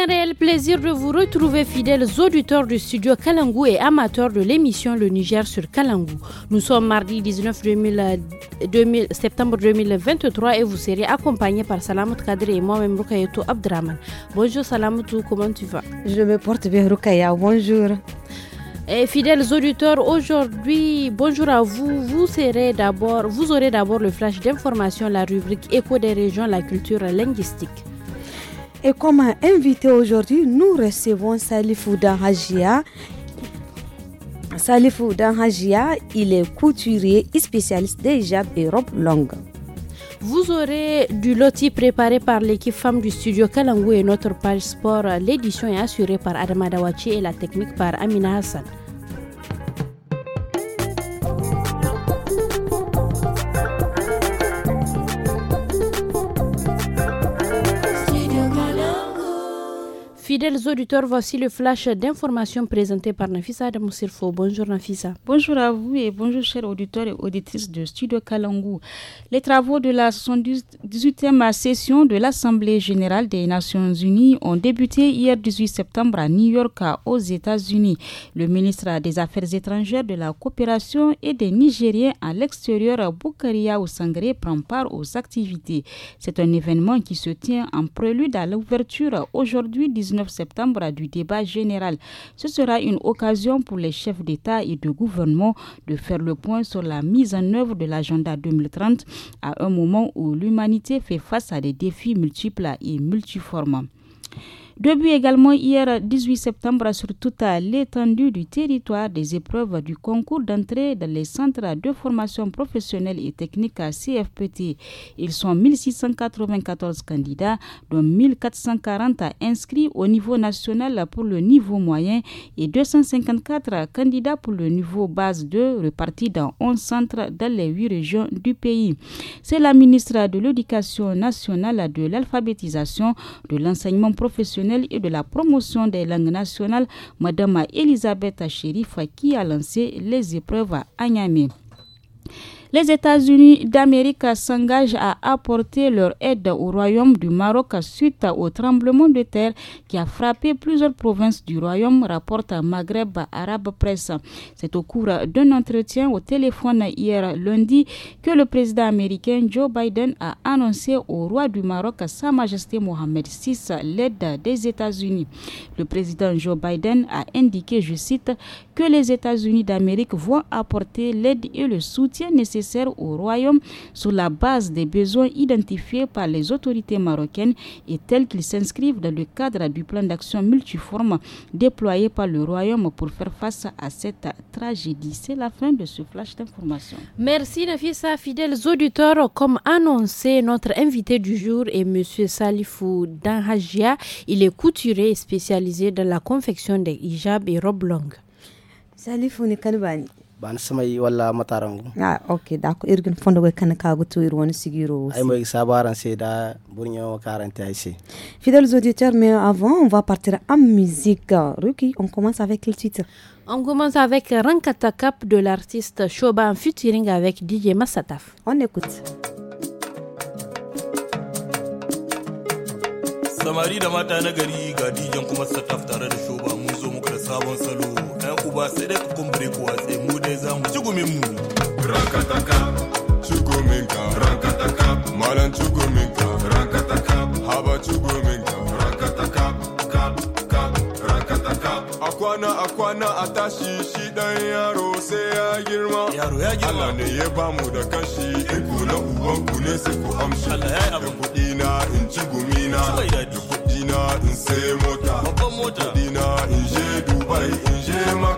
C'est un réel plaisir de vous retrouver, fidèles auditeurs du studio Kalangou et amateurs de l'émission Le Niger sur Kalangou. Nous sommes mardi 19 septembre 2023 et vous serez accompagnés par Salamut Kadri et moi-même Rukayoto Abdraman. Bonjour Salamoutou, comment tu vas Je me porte bien Rukaya, bonjour. Et fidèles auditeurs, aujourd'hui, bonjour à vous. Vous, serez vous aurez d'abord le flash d'information, la rubrique Écho des régions, la culture linguistique. Et comme invité aujourd'hui, nous recevons Salifou Hajia. Salifou Hajia, il est couturier et spécialiste des jabs et robes longues. Vous aurez du loti préparé par l'équipe femme du studio Kalangou et notre page sport. L'édition est assurée par Adama Dawachi et la technique par Amina Hassan. Fidèles auditeurs, voici le flash d'informations présenté par Nafisa Adam Bonjour Nafisa. Bonjour à vous et bonjour chers auditeurs et auditrices de Studio Kalangou. Les travaux de la 78e session de l'Assemblée générale des Nations unies ont débuté hier 18 septembre à New York aux États-Unis. Le ministre des Affaires étrangères de la coopération et des Nigériens à l'extérieur, Boukaria Ousangré, prend part aux activités. C'est un événement qui se tient en prélude à l'ouverture aujourd'hui 19 19 septembre du débat général. Ce sera une occasion pour les chefs d'État et de gouvernement de faire le point sur la mise en œuvre de l'agenda 2030 à un moment où l'humanité fait face à des défis multiples et multiformes. Depuis également hier 18 septembre sur toute l'étendue du territoire des épreuves du concours d'entrée dans les centres de formation professionnelle et technique à CFPT. Ils sont 1694 candidats, dont 1440 inscrits au niveau national pour le niveau moyen et 254 candidats pour le niveau base 2 répartis dans 11 centres dans les 8 régions du pays. C'est la ministre de l'Éducation nationale, de l'alphabétisation, de l'enseignement professionnel et de la promotion des langues nationales, Madame Elisabeth Acherifa qui a lancé les épreuves à Niamey. Les États-Unis d'Amérique s'engagent à apporter leur aide au royaume du Maroc suite au tremblement de terre qui a frappé plusieurs provinces du royaume, rapporte Maghreb Arabe Press. C'est au cours d'un entretien au téléphone hier lundi que le président américain Joe Biden a annoncé au roi du Maroc, Sa Majesté Mohamed VI, l'aide des États-Unis. Le président Joe Biden a indiqué, je cite, que les États-Unis d'Amérique vont apporter l'aide et le soutien nécessaire au Royaume sur la base des besoins identifiés par les autorités marocaines et tels qu'ils s'inscrivent dans le cadre du plan d'action multiforme déployé par le Royaume pour faire face à cette tragédie. C'est la fin de ce flash d'information. Merci Nafisa, fidèles auditeurs. Comme annoncé, notre invité du jour est M. Salifou Danhajia. Il est couturier spécialisé dans la confection des hijabs et robes longues salifu ni kanibani baan samay wala matarangu ah ok dako irgin fondogo kan kago to irwoni sigiro ay mo sabaran seda 40 karante ayse fidèles auditeurs mais avant on va partir en musique Ruki on commence avec le titre on commence avec Rankatakap de l'artiste Shoban featuring avec DJ Massataf on écoute Samari da mata na gari ga DJ kuma tare da Choban mun zo muku da sabon salo kwasele kukombere kwase ngude zangu chukumimu rakataka rakataka malan chukuminka rakataka haba rakataka kap kap rakataka akwana akwana atashi shida ya rose ya girma yaro ya girma Allah ne ya bamu da kashi iku na uban ku ne sai ku amshi Allah ya abu kudi na in ci gumina kudi na in sai mota babban mota kudi na in je Dubai in je Makka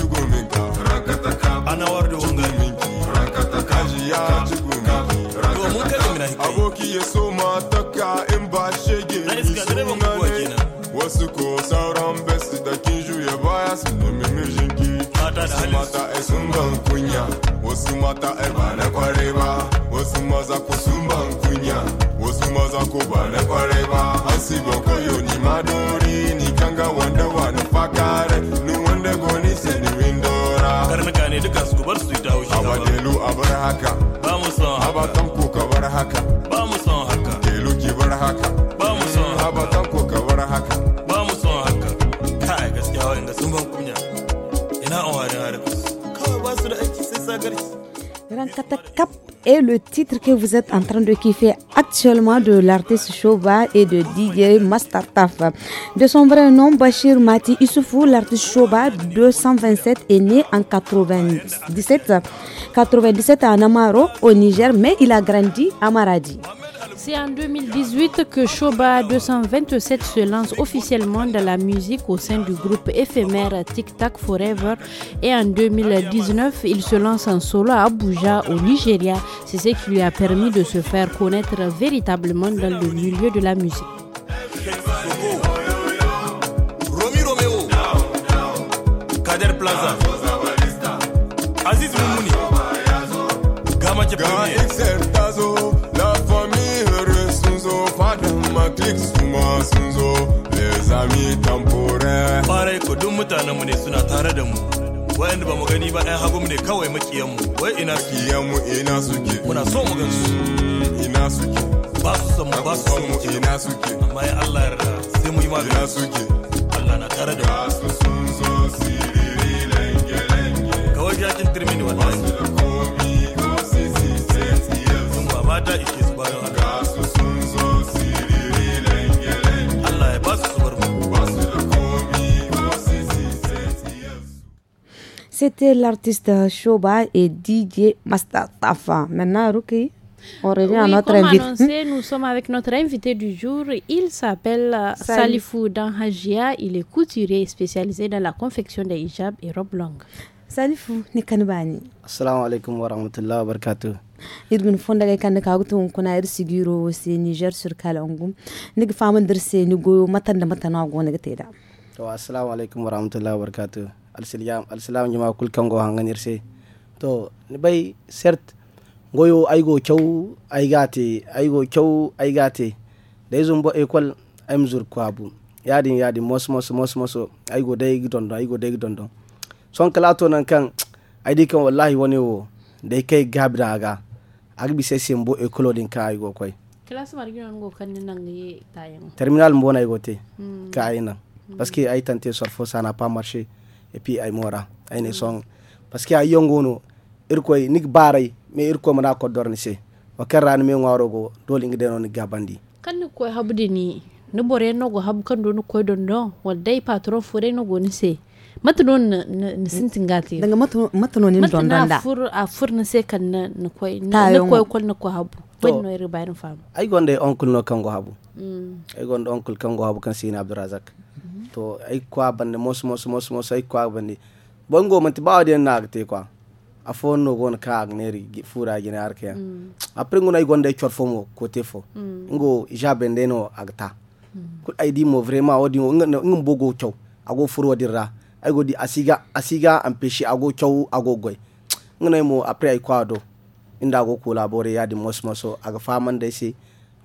so mataka in ba shege ne wasu ko sauran besi da kin juya baya su nemi mijinki wasu mata ai sun ban kunya wasu mata ai ba na kware ba wasu maza ko sun ban kunya wasu maza ko ba na kware ba asibo koyo ni madori ni kanga wanda wa ni nufakare ni wanda goni sani windora karnuka ne duka su kubar su ta haushi le titre que vous êtes en train de kiffer actuellement de l'artiste Shoba et de DJ Mastataf. De son vrai nom, Bachir Mati Issoufou, l'artiste Shoba 227 est né en 97, 97 à Namaro au Niger, mais il a grandi à Maradi. C'est en 2018 que Shoba 227 se lance officiellement dans la musique au sein du groupe éphémère Tic Tac Forever et en 2019 il se lance en solo à Abuja au Nigeria. C'est ce qui lui a permis de se faire connaître véritablement dans le milieu de la musique. Plaza. Aziz politics kuma sun zo les amis temporaires farai ko duk mutanenmu ne suna tare da mu wayanda ba mu gani ba ɗan hagu ne kawai makiyan mu wai ina su mu ina suke muna so mu gansu mm, ina suke ba su san mu ba su san mu ina suke amma ya Allah yarda sai mu yi magana ina suke Allah na tare da mu su sun zo siriri lenge-lenge. kawai jakin tirmini wallahi ba su da komi ko sisi sai tsiyar su ba mata ike su bayan haka C'était l'artiste Shoba et DJ Mastatafa. Maintenant, Ruki, on revient à notre comme invité. Annoncé, nous sommes avec notre invité du jour. Il s'appelle Salifou Danhajia. Il est couturier spécialisé dans la confection des hijabs et robes longues. Salifou Nikanubani. Assalamu alaikum wa rahmatullahi wa barakatuh. irgun fondaga kan ka de kuna ir sigiro au Niger sur Kala nig famandir se nigo matan da matan wa gona gateda assalamu alaikum wa rahmatullahi wa barakatuh alsilam alsilam nyima kul kango hanganir se to ni bay cert goyo ay gati ay go kyau ay gati day zumbo ekol ay aimzur kwabu yadi yadi mos mos mos mos ay go aigo dai gidondo aigo dai gidondo son kala to nan kan ay di kan wallahi woni wo day kay gabra aga agbi sai sai mbo ekolo din ka koy class classe margin go kan nan ngi tayen terminal mbo nay go te hmm. ka aina hmm. parce que ay tante sorfo ça n'a pas marcher et puis ay mora ay ne song parce que ay yongono irko nik baray me irko mana ko dorni se o kerran me ngoro go doli ngi denon gabandi kan ni ko habde ni no bore no go hab kan do no ko don no wal dai patron fure no go ni se matano na sintin gati daga matano ne don don da fur a fur na se kan na na ko na ko ko na ko habu wani no iri bayan famu ai gonde onkul no kan go habu mm. ay gonde onkul kan go habu kan sina abdurazak to ay kwa bande mos mos mos mos ay kwa bande bongo man ti baade na agte kwa a fo no gon ka agneri fura gine arke ya mm. apre ngona ay gonde chor fomo mo kote fo mm. ngo jabende no agta mm. kul ay di mo vraiment odi ngum bogo chow ago furo dirra ay di asiga asiga ampeshi ago chow ago goy ngona mo apre ay kwa do inda go collaborer ya di mos moso aga faman de si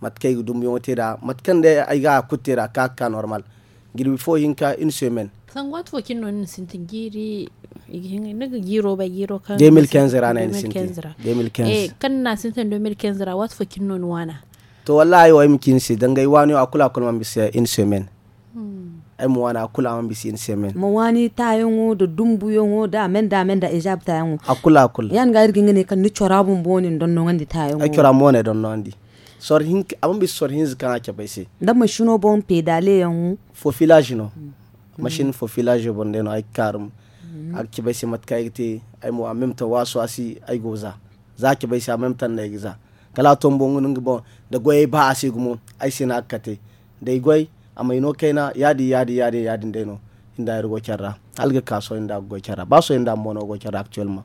matkay dum yote da matkan dai ay ga kutira ka ka normal mm. girbi fo hinka in semaine san watu wakin non sinti giri naga giro ba giro kan 2015 rana in sinti 2015 eh kan na sinti 2015 ra watu wakin non wana to wallahi wa imkin si gai wani akula kulma bisa in semaine hmm. ai mu wana akula man bisi in semen mu wani tayin wo da dumbu yon wo da men da men da ijab tayin wo akula akula yan ga irgin ne kan ni chora bun bonin don non andi tayin wo ai chora mo ne don non andi sorhin abin bi sorhin zikan ake bai se da mashino bon pedale yan fo village no mm. machine fo village bon de no ay karum mm. ake bai se matka igte ay mo en même temps waso asi ay goza za ke bai se en même temps na igza kala ton bon ngun bon da goye ba asi gumo ai sen na akate dai goy amma ino kaina yadi yadi yadi yadi dai no inda rugo charra alga kaso inda go ba so inda mono go charra actuellement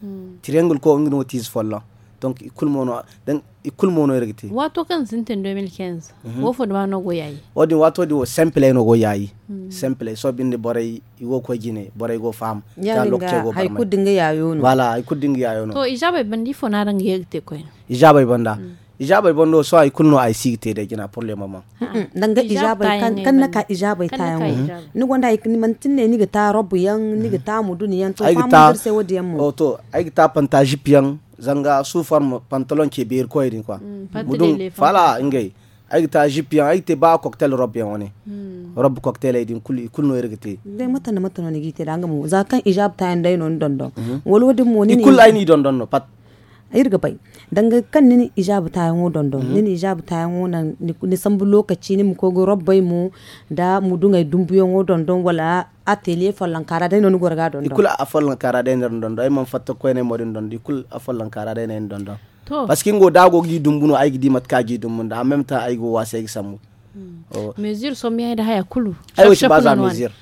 Hmm. triangle ko ngi no tis folla donc ikul mono den ikul mono regti wato kan sinten 2015 wo fo do mhm. no go yayi odi wato di wo simple no go yayi hmm. simple so binde yi wo ko jine bore go fam ta lokce go barma ku dinga yayo no wala ku dinga yayo no to ijabe bandi fo na rangi yegte ko ijabe banda hmm. ijabai bando so ay kunno ay sigte de gina pour le moment nanga ijabai kan kan ka ijabai yan mm-hmm. ni gonda ay man tinne ni gita robu yan ni gita mudun yan to famu dirse wodi yan mu o oh, to ay gita pantaji pian zanga su forme pantalon ke beer ko idin kwa mudun mm, fala ngay ay gita jipian ay te ba cocktail rob yan woni mm. rob cocktail ay din kulli kulno yergete de mata na mata no ni gite danga mu zakan ijab yan dai non don don wol wodi mo ni kulli ay ni don don no pat irga bai danga kan nini ijabu ta yango dondon mm-hmm. nini ijabu ta yango nan ni sambu lokaci ni ko go robbai mu da mu dunga dumbu yango dondon wala atelier fallan kara dai non gorga dondon ikul a falankara kara dai non dondon ai man fatta ko ne modin dondon ikul a falankara kara dai non dondon parce que ngo dago gi no ai gi mat ka gi dumbuno en même temps ai go wase gi samu mm. oh. mesure ai da haya kulu ai wa ba za mesure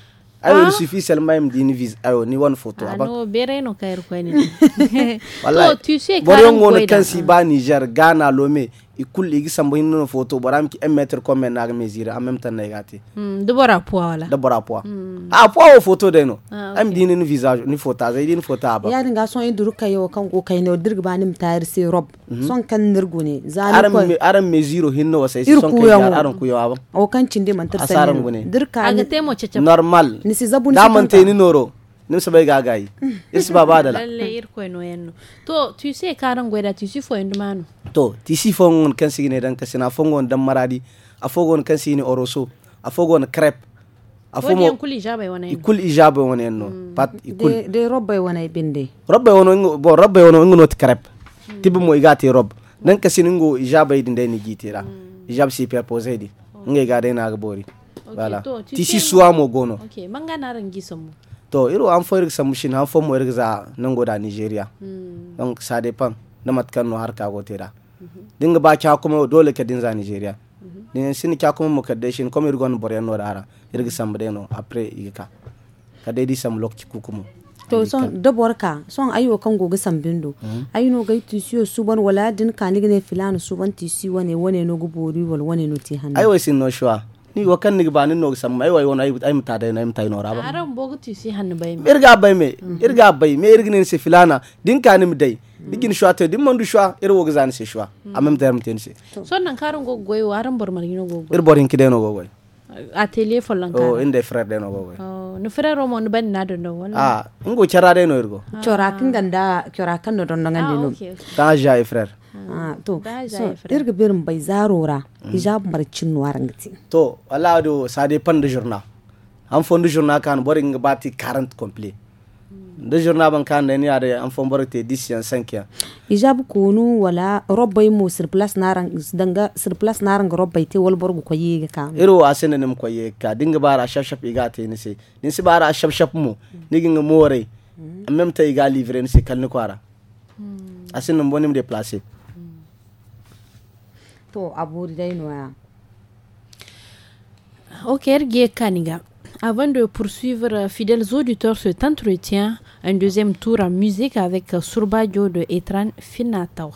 Il suffit seulement d'une me une ni photo ah, no bere no ko ni tu sais quand Niger ikul igi sambo no photo baram ki 1 mètre comme na ga mesure en même temps na hmm, de bora poa wala de bora poa hmm. ah poa o photo de no ah, okay. am ni visage ni photo azai dini photo aba ya dinga son yi duruka yo kan ko kai ne dirga ba nim tayar si rob mhm. son kan nirgo ne zani ko aran aran mesure hinno wasai son kai yar aram ku yo aba o kan cinde man tar sai dirka aga temo normal ni si zabuni da man tay ni nimsa bai gagai is ba bada la lalle ir ko no to tu sais karan gweda tu si fo endu to tu si fo ngon kan sigine dan kasina fo ngon dan maradi afo ngon kan sigine oroso afo ngon crepe afo mo kul ijaba wona yenno kul ijabe wona yenno pat kul de robbe wona binde robbe wona bo robbe wona ngono ti crepe tibu mo igati rob dan kasina ngo ijaba din dai ni gitira ijab si perpose di ngai ga na gbori voilà ti si suamo gono okay manga na rangi somo to iru an fo irga samu shin han fo mo irga za nan goda nigeria mm. don sa dai fan na matkan no harka go tera mhm. dinga ba kya kuma dole ka din za nigeria mhm. din sin kya kuma mo kadde shin kuma irgon boryan no dara irga sam de no apre yika ka dai di sam lokci ku kuma to son da borka son ayo kan goga bindo mhm. ayi no gai tisiyo suban wala din kanig ne filan suban tisiyo wane wane no gubori wal wane no ti hanna ayo sin no shwa ni wa kan niga bani nog samma ay wayon ay ay mutada ay mutay noraba aran bogti si han bay me irga bay me mm-hmm. irga bay me irgin se filana din kani mi dai digin shwa te din mandu shwa ir wo zani se shwa amam der muten se So nan karun go goy waran bor mar gino go ir borin kide no go goy atelier follan kan o oh, inde frère de no go goy oh, no frère o mon ban na no wala ah ngo charade no irgo kin ganda kan no don ngandi ah, no ta ja frère Mm. Ah, to so irga birin bai zarora hijab mm. marcin nuwaran gati to wala do sade pan de journal an fon da journal kan nga bati 40 complet mm. de journal ban kan da ya de an fon borin te 10 yan 5 yan hijab kunu wala robbay mo surplus naran danga surplus naran ga robbay te wal borgo ko yega kan iro asene nim ko yega ka dinga bara shafshaf iga te ni se ni se bara shafshaf mo ni ginga more en même temps iga livrer ni se kalni kwara asene mbonim placer Ok, Kaniga. Avant de poursuivre, fidèles auditeurs, cet entretien, un deuxième tour en musique avec Surbadio de Etran Finatawa.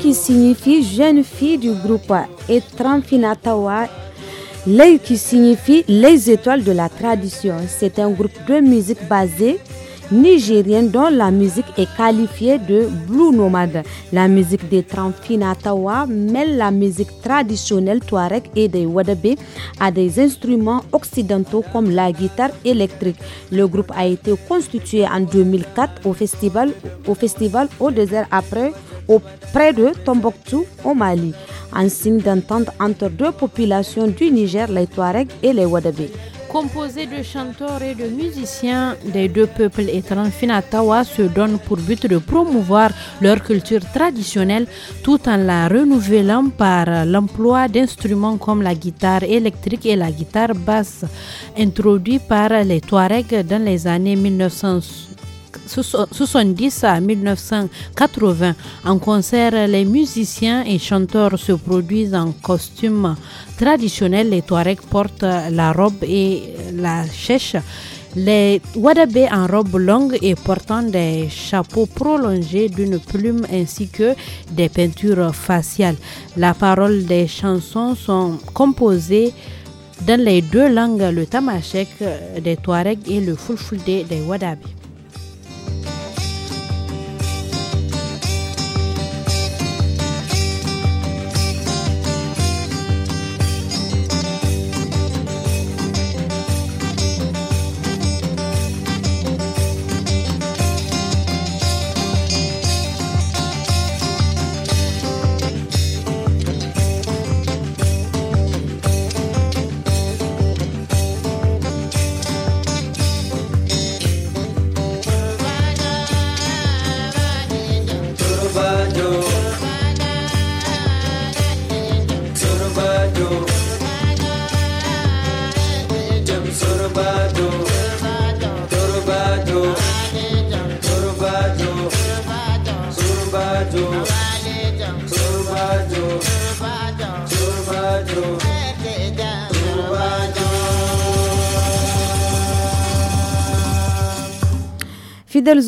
qui signifie jeune fille du groupe et Tranfinatawa les, qui signifie les étoiles de la tradition. C'est un groupe de musique basé nigérienne dont la musique est qualifiée de blue nomade. La musique des Tranfinatawa mêle la musique traditionnelle touareg et des Wadabé à des instruments occidentaux comme la guitare électrique. Le groupe a été constitué en 2004 au festival au, festival au désert après auprès de Tombouctou au Mali, un signe d'entente entre deux populations du Niger, les Touaregs et les Wadabés. Composé de chanteurs et de musiciens des deux peuples étrangers, Finatawa se donne pour but de promouvoir leur culture traditionnelle tout en la renouvelant par l'emploi d'instruments comme la guitare électrique et la guitare basse, introduits par les Touaregs dans les années 1900. 70 à 1980. En concert, les musiciens et chanteurs se produisent en costume traditionnel. Les Touaregs portent la robe et la chèche. Les Wadabé en robe longue et portant des chapeaux prolongés d'une plume ainsi que des peintures faciales. La parole des chansons sont composées dans les deux langues, le tamashek des Touaregs et le fulfulde des Wadabé.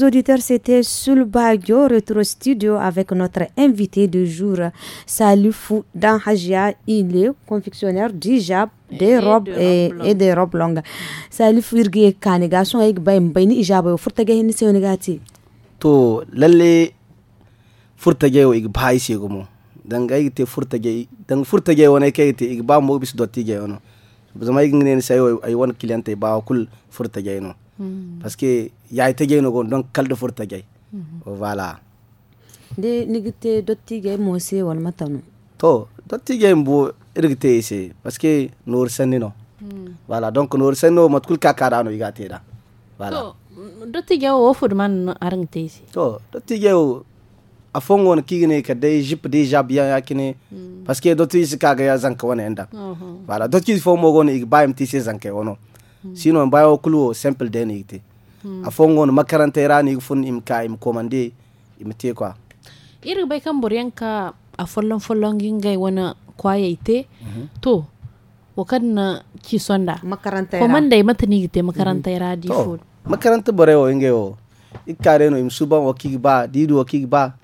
chers auditeurs, c'était Sul Bagio Retro Studio avec notre invité du jour, Salifou Danhajia. Il est confectionnaire d'hijab, des robes et, et, des robes longues. Salifou Irgi Kaniga, son aïk bain bain hijab, furtage hini se onigati. To, lalle furtage o ik bai se gomo. Danga ik te furtage, dang furtage o ne ke te ik ba mo bis dotige ono. Zama ik ngene sayo ay wan cliente ba kul furtage no. Mm. parce que yaay tege no donc don kalde for tege voilà de nigite dotti ge mo se wal matanu to dotti ge mbo irgite ici parce que nor sanino mm. voilà donc nor sanino matkul kakara no igate da voilà dotti ge o fod man arngte se to dotti ge o a fongon kigine ka dai jip dai jabiya yakine mm. parce que dotti se kaga ya zanka enda mm-hmm. voilà dotti fo mo gon ig baim ti se zanka wono Hmm. sinon bayo kulwo simple den ite mm. a fongon makaranta rani fun imka im komande im te kwa iri bai kan buryanka a follon follon gingai wani kwaye ite mm -hmm. to wakan na ki sonda makaranta ko man dai mata ni gite makaranta ira mhm. di fo makaranta bore o inge o ikare no im suba o ba didu o ba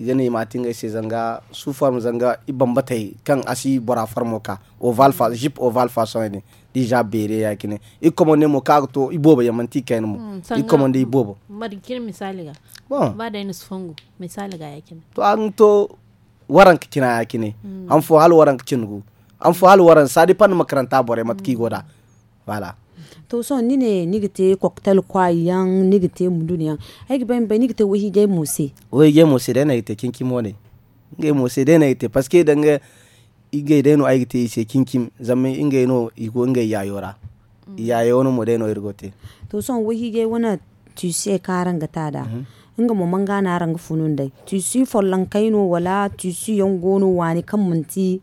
igane ma tinga se zanga su form zanga ibambatay kan asi bora farmo ka oval fa jip oval fa so ija bere ya kine i commande mo kaga to i bobo yamanti kene mo mm, i commande i bobo mari kine misali ga bon ba da ni sfongo misali ga ya kine to an to waran kina ya kine an hmm. fo hal waran cingu an fo hal waran sadi pan makaranta bore matki goda wala to so ni ne nigite cocktail kwa yan nigite mudun yan ai ban ban nigite wahi ge mose wahi ge mose da na ite kinki mo ne ge mose da na ite parce que danga igay deno aygite ise kinkim zama ingay no igo yora ya mm. yayo no modeno irgote to son wihige wona tu se karanga tada mm inga mo manga na ranga funun dai tu si follan kaino wala tu si yon gono wani kan munti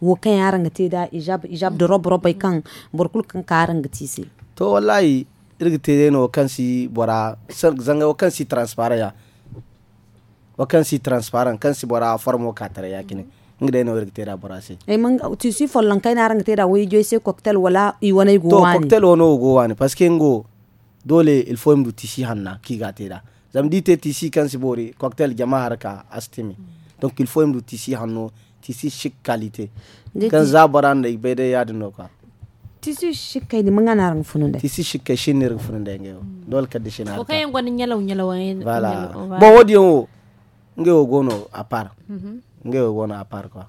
wo kan yaran ga da ijab ijab da rob robai mm. kan burkul kan karan ga se to wallahi irgite te no kan si bora zanga kan si transparent ya kan si transparent kan si bora formo katare ya kine mm -hmm. ngida no warga teda borasi e man tu si follan kai rang teda wai jo se cocktail wala i wana go wani to cocktail wono go parce que ngo dole il faut mdu tisi hanna ki ga teda zam di te tisi kan si bori cocktail jama harka astimi donc il faut mdu tisi hanno tisi chic qualité kan za baranda bede yadno ka tisi chic kay ni manga de fununda tisi chic kay shin neranga fununda ngeyo dole kadde shin harka ko kay ngoni nyalaw nyalaw voilà wodi ngo ngeyo gono apart mm -hmm nge wona à part quoi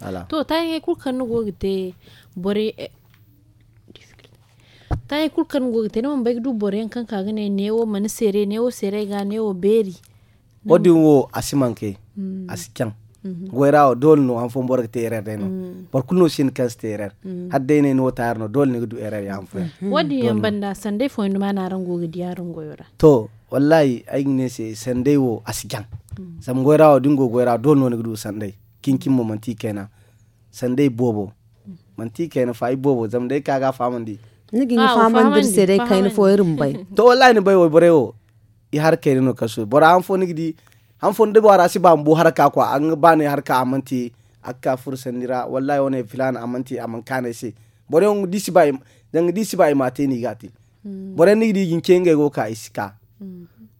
voilà to taye kul kan go gite bore taye kul kan go gite no mbeg du bore kan ka gane newo man sere newo sere ga newo beri odi wo asimanke asikan goyrawo dole no han fo mbor te erer deno bor kulno sin kas te erer hadde ne no tarno dol ne du erer yan fo wadi yan banda sande fo nduma na rango gidi yaron goyora to wallahi ay ne se sande wo asikan Mm. sam goyra o dingo goyra do no nigdu sandai kinkin mo manti kena sandai bobo mm. manti kena fa bobo zam dai kaga famandi nigin ah, famandi se dai kain fo irin bay to wallahi ni bay o borewo i har kai no kaso bora an fo nigdi an fo de bara si bambu har ka ko an ba ne har ka amanti akka fursandira wallahi one filan amanti aman kana se bore on disi bai dan disi bai mate ni gati mm. bore nigdi gin kenge go ka iska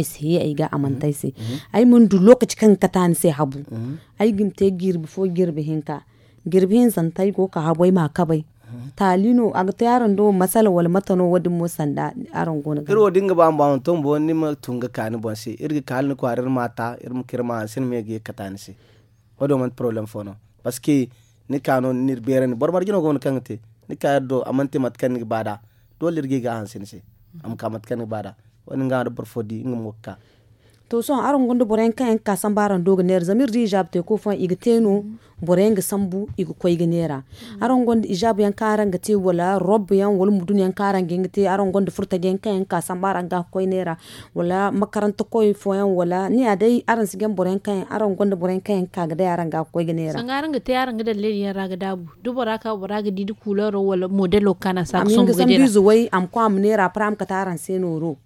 es ay ga amantai se mm-hmm. Mm-hmm. ay mun du lokaci kan ka tani sai habu mm-hmm. te gir girbi fo gir girbi hinka gir girbi hin santai go ka habai ma ka kabai talino ag ta yaron do masala wal matano wadin mo sanda aron gona wadin ga ba ba ton bo ni ma tunga kan bo se irga kalni ko arir mata ir mu kirma sin me ge katani se wado man problem fono parce que ni kanu ni beren borbar jino gon kangate ni ka do amante kan ni bada dole irge ga hansin se am kamat kan ni bada wani nga da barfodi ngam wakka to so aron gundu boren ka en kasan baran dogo ner zamir di jab te ko fon igteno boren ga sambu igu koy ga nera aron gundu ijab yan karan ga te wala rob yan wal mudun yan karan ga ngate aron gundu furta gen ka en kasan baran ga koy nera wala makaranta koy fo yan wala ni adai aran sigen boren ka aron gundu boren ka en ka ga da aran ga koy ga nera sangaran ga te aran ga dalle yan raga dabu dubara ka bara ga didi kula ro wala modelo kana sa sun ga dera amin ga sambi zuwai am ko am nera pram ka taran senoro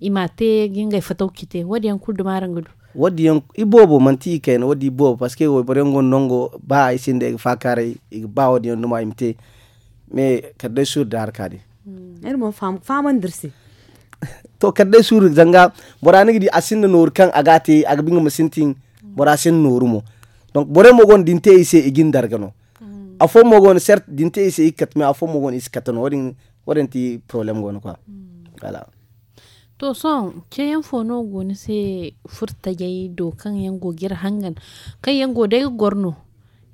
te ginga fataw kite wadi yan kuldu marangudu wadi yan ibobo manti ken wadi ibobo parce que wobore ngon nongo ba isinde fa kare ba wadi yan numa imte me kadde sur dar kadi hmm. er mo fam faman dirsi to kadde sur zanga borani gidi asinde nur kan agati agbinga masintin borasin norumo donc bore mo gon dinte ise igin dargano hmm. afo mo gon cert dinte ise ikat me afo mo gon iskatano wadi wadi ti problem gon quoi hmm. voilà To son ke yan fono goni se furta yayi dokan yango gogir hangan yan yango dai gorno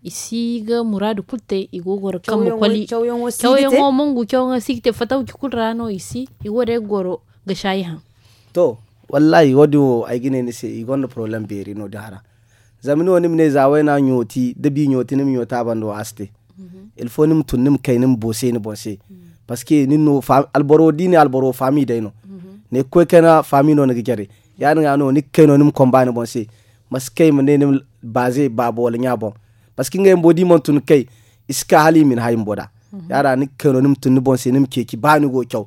isi ga muradu kulte gogor kan mu kwali kyauyen wo mungu kyauyen sikte fatau ki kurrano isi go dai goro ga shayi han. To wallahi wadi wo ai gine ni i igon problem beri no dara. Zamini woni mine zawai na nyoti dabi nyoti nim nyota bando aste. Il mhm. faut nim tunnim kainim bose ni bonse. Parce que nin no alboro dini alboro fami dai no. ne ko kana no na gigere ya nga no ni keno nim kombane bon se mas kay mene nim baze babol nya bon parce que ngay mbodi mon tun kai iska hali min hay mboda yara ni keno nim tun bon se nim keki banu go chaw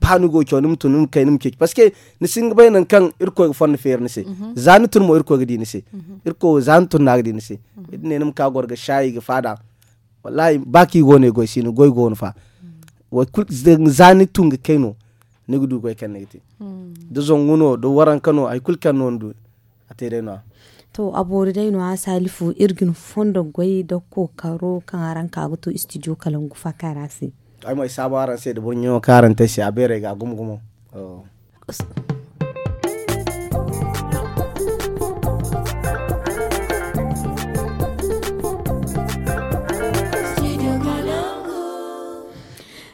banu go chaw nim tun nim kay nim keki parce que ni sing bay nan kan irko e fon fer ni se zani tun mo irko gidi ni se irko zan tun na gidi ni se e ne nim ka gorga shayi ga fada wallahi baki gone go sino goy gon fa wa kul zani tun ga kaino. nigdu ko kan nigti hmm. da zonguno do waran kano ay kul kan nondu atere no to abori dai no asalifu irgin fondo goyi do ko karo kan aran ka to studio kalan gufa karasi ay mai sabaran se do nyo karante shi abere ga gum gumo oh.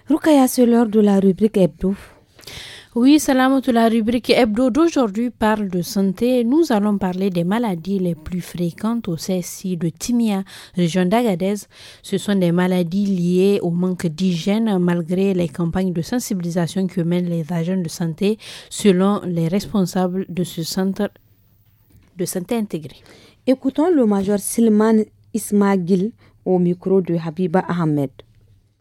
Rukaya, c'est l'heure de la rubrique Hebdo. Oui, de la rubrique hebdo d'aujourd'hui parle de santé. Nous allons parler des maladies les plus fréquentes au CSI de Timia, région d'Agadez. Ce sont des maladies liées au manque d'hygiène malgré les campagnes de sensibilisation que mènent les agents de santé selon les responsables de ce centre de santé intégré. Écoutons le major Silman Ismagil au micro de Habiba Ahmed.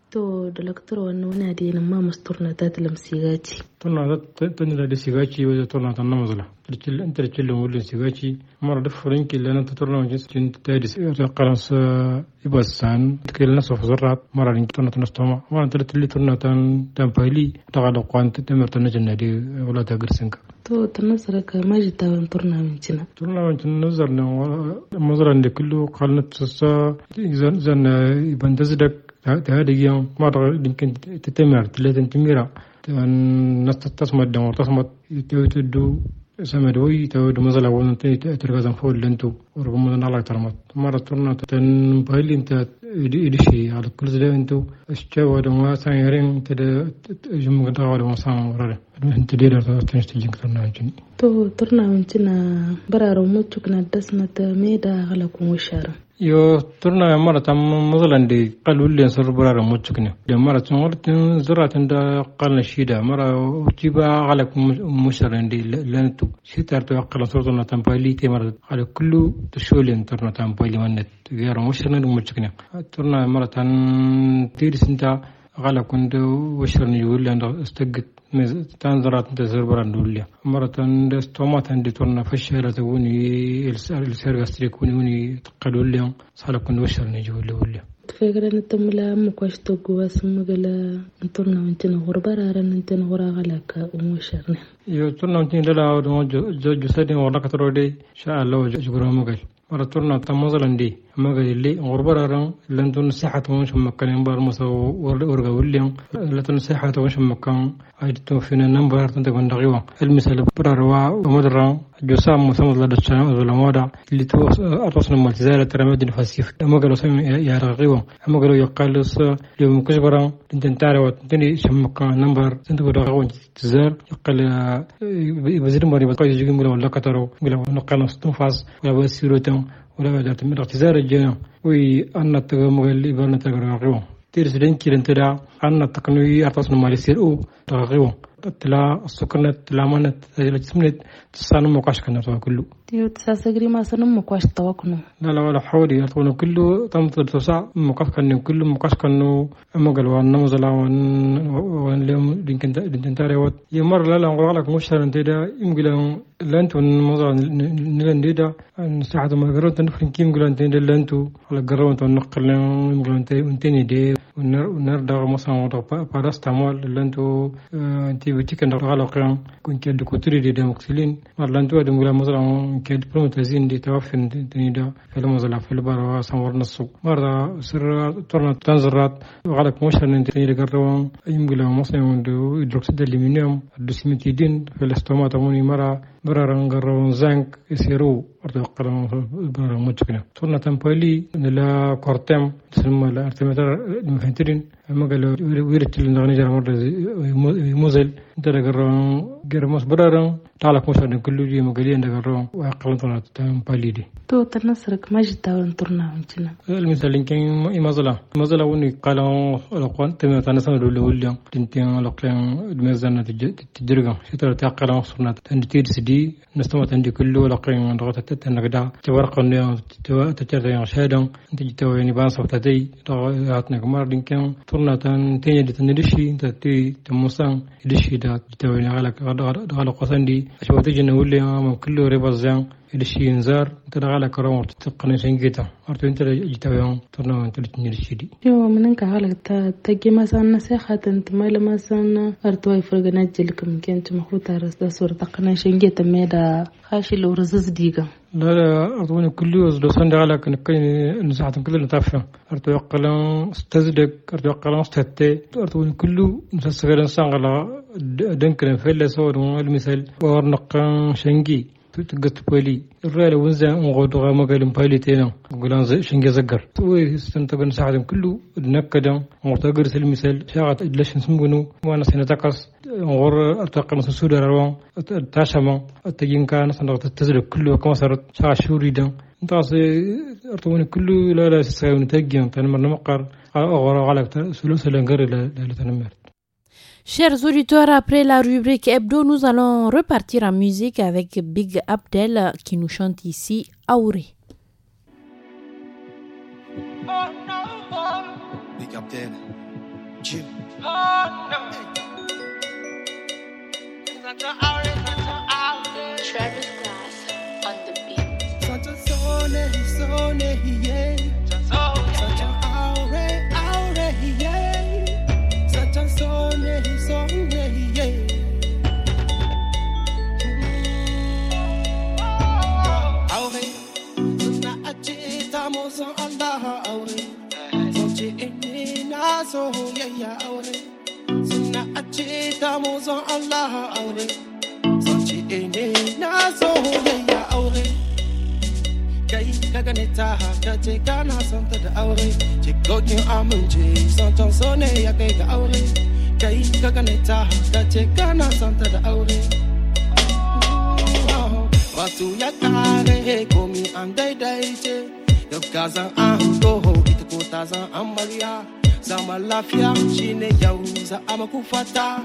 To da laktura wannan wani adinin ma masu musu tornatat lam sigaci. Tornatat tana da sigaci wajen tornatat na mazala. Tarcin da wurin sigaci mara da furin kila ta tattorna wajen cikin tadis ta karansa ibasan kila na sofa zarra mara da tornatat na stoma mara tarcin tornatat tamfali ta kada kwan ta mirta na jannadi wala ta girsinka. to ta tanasara ka maji tawan turnamentina turnamentin nazar ne mazaran da kullu kalnat sassa zan ibandazdak هذا ما مرة يمكن تتمر ثلاثة تميرة نستثمر دمر تصمت تودو سمد وي تود مزلا ولن ترغزن فول لنتو وربما دنا لا ترمت مرة ترنا تن بهل انت ادشي على كل زده انتو اشتوى دما سان يرين تد جم قدا ولا ما سان ورر انت دير تنش تجين ترنا جن تو ترنا برا رومو متكنا دسنت ميدا غلكم وشارم yo turna ya mara tam mazalan da kalul len sar burara mucuk ne da mara tun wartin zuratin da kalna shida mara ci ala musharan da lantu shi to kala sorto na tampali te mara ala kullu to sholen turna tampali wannan yaro musharan da mucuk turna ya mara tan tirisinta غلا كنت وشرني يقول لي استقت tanzarat da sirbaran dulia maratan da stomatan da torna fashara ta wuni ilsar gastrik wuni wuni qadulia salakun washar ne jawle تفكر أن تملا مكواش تقوى سمو قلا انترنا وانتنا غربا رارا انتنا غرا غلاك ومشارنا يو ترنا وانتنا دلا جو سادين ورقة رودي شاء الله جو جبرا مرتولنا تموزلن دي مغا اللي غربرا رن لن تون ساحة وانش مكان ينبار مسا ورغا وليان لتون ساحة وانش مكان ايدتو فينا نمبر تنتقن دغيوان المثال برا روا ومدران جسام مثمر لدى الشام ذو الموضع اللي تو أرسنا ملتزالة ترمد نفسيف أما قالوا سامي يا رغيوة أما قالوا يقالس يوم كجبرا دن تعرف تني شمك نمبر سنت قالوا غون تزار يقال بزير مري بقاي يجي يقول ولا كترو ولا نقل نستنفس ولا بسيروتهم ولا بعد تمر اعتزار الجنة وي أن تغمغ اللي بنا تغرقوا تيرس لين كيرن تدا أن تقنوي أرتسنا مالسير أو تغرقوا ጥላ ሱክነት ላማነት ተጅለጅስምነት ትሳንም ሞቃሽ ከነብሰ ኩሉ ቲዩ ተሳሰግሪ ማሰንም ሞቃሽ ተወክኑ ላላ ወላ ሐወድ ያልተወነ ኩሉ ታም ተብሰሳ ሞቃሽ ከነ ኩሉ ሞቃሽ ከኑ እመገልዋን ነው ዘላዋን ወንለም ድንከንታ ድንከንታ ረወት የመር ላላ ወራላክ ሙሽራን ተዳ ይምግላን ለንቱ መዛ ንለን ዴዳ ንስሓት መገረው ተንፍርን ኪም ግላን ተንደ ለንቱ ለገረው ተንቀለ ይምግላን ተንቴ ዴ ነር ነር ዳር መሳ ወደ ፓዳስ ተሟል ለንቱ تيبي تيكن دور غالو قيام كون كيد كوتري دي داموكسلين مرلان توا دم غلا مزلا كيد برومتازين دي توفن تنيدا في المزلا في البارا سنور نصو مرة سر تورنا تنزرات غالك موش هنن تنيدا قردوان يمغلا مصنع وندو يدروكسيد الليمينيوم الدوسيمتيدين في الاستومات موني مرة برا رنغرون زانك يسيرو artaqalamutukina sunatan poili nila kortem summa la artimata mfentirin magala wirtil nagni jarmar muzel dalagar garmas bararan تعلق موسى نقول له ما قال لي عندك الروم وقلت له تم باليدي تو تنصرك ما جيت تاول نطرنا وانتنا المثال اللي كان مازلا مازلا وني قال لقون تم تنصر له له اليوم تنتين لقين المزانة تجرغم شتر تاقل مصرنا تنتي سدي نستمع تندي كله لقين ضغط تت نقدا تورق النيوم تتوا تتر تيان شهدا تجي تو يعني بان صوت تي ضغط نقمار لكن طرنا تنتين دي تندشي تتي تموسان دشي دات تو يعني غلق غلق غلق أشواتيج نولي ما كله ريبا زان الشي نزار تلا على كرام تقني سنجيتا أرتو انت جتاويون ترنا انت لتنير الشدي يو منن كهالا تا تجي مثلا ما لما مثلا أرتو فرق نجلكم كنت مخوطة رس دا صورة تقني سنجيتا ميدا خاشي لو رزز ديقا لا أظن كل لو صندق على كن كن نساعتهم كل نتعرفه أرتوقع استزدق أرتوقع استهتي أرتوقع كل نساعد غير نساعد على دنكنا فيلا صور المثال ورنق شنقي تقت بالي الرجال وزع مغود غام قال بالي تينا قلنا شنجا زقر توي استنتقن ساعدهم كله نكدا مرتقر المثال شاعت ليش نسمونه وانا سنتقص غور أتقم سودا روان تاشما أتجين كان سنغت التزلك كله كما صارت شاع شوري دان انتاس ارتوني كله لا لا سيسايون تاجين تنمر نمقر أغرى على سلوس لنقر لا لا تنمرت Chers auditeurs, après la rubrique hebdo, nous allons repartir en musique avec Big Abdel qui nous chante ici Aouré. on the beat. yau san Allah aure sun ce inni na soyayya a ce ta mu Allah aure sun ce inni na soyayya aure kai ka gane ta kana da aure jikokin amince son ton so ne ya kana ta ya kare Gaza a ah, roho oh, itakutaza amalia la malafia shine yauza amakufata